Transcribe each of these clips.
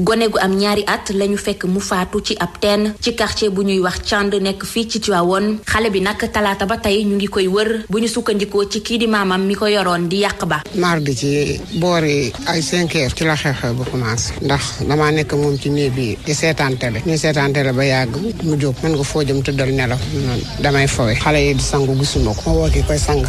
gone gu am ñaari at lañu fekk mu faatu ci ab teen ci quartier bu ñuy wax Cànd nekk fii ci ci Tivaouane xale bi nag talaata ba tey ñu ngi koy wër bu ñu sukkandikoo ci kii di maamam mi ko yoroon di yàq ba. mardi ci boori ay cinq heures ci la xew-xew bu commencé ndax damaa nekk moom ci néeg bi di seetaan télé ñu seetaan télé ba yàgg mu jóg man nga foo jëm tëddal nelaw damay fowe xale yi di sangu gisuma ko moo woo koy sang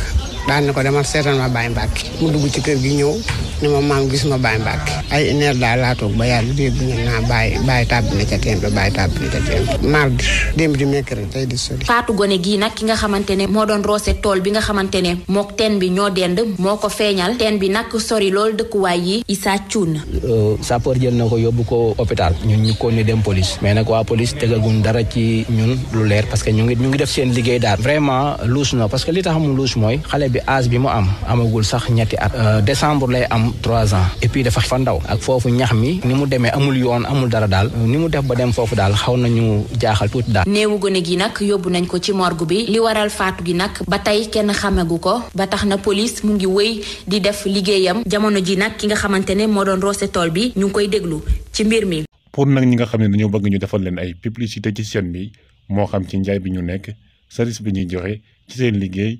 daal na ko demal seetal ma Baye Mbacke mu dugg ci kër gi ñëw ne ma maam gis ma Baye Mbacke ay neer daal laa toog ba yàlla dégg ñu naa Baye Baye tàbbi na ca teen ba Baye tàbbi na ca teen ba mardi démb di tey di soli faatu gone gii nag ki nga xamante ne moo doon roose tool bi nga xamante ne mook teen bi ñoo dend moo ko feeñal teen bi nag sori loolu dëkkuwaay yi Issa Thioune euh, sapeur jël na ko yóbbu ko hôpital ñun ñu kon ni dem police mais nag waa police tegaguñ dara ci ñun lu leer parce que ñu ngi ñu seen liggéey daal vraiment luus na li tax mu mooy bi âge bi mu am amagul sax ñetti at euh, décembre lay am trois ans et puis dafa fa ndaw ak foofu ñax mi ni mu demee amul yoon amul dara daal ni mu def ba dem foofu daal xaw nañu jaaxal tuuti daal néewu gone gi nag yóbbu nañ ko ci morgue bi li waral faatu gi nag ba tey kenn xamegu ko ba tax na police mu ngi wéy di def liggéeyam jamono ji nag ki nga xamante ne moo doon roose tool bi ñu ngi koy déglu ci mbir mi pour nag ñi nga xam ne dañoo bëgg ñu defal leen ay publicité ci seen bi moo xam ci njaay bi ñu nekk service bi ñuy joxe ci seen liggéey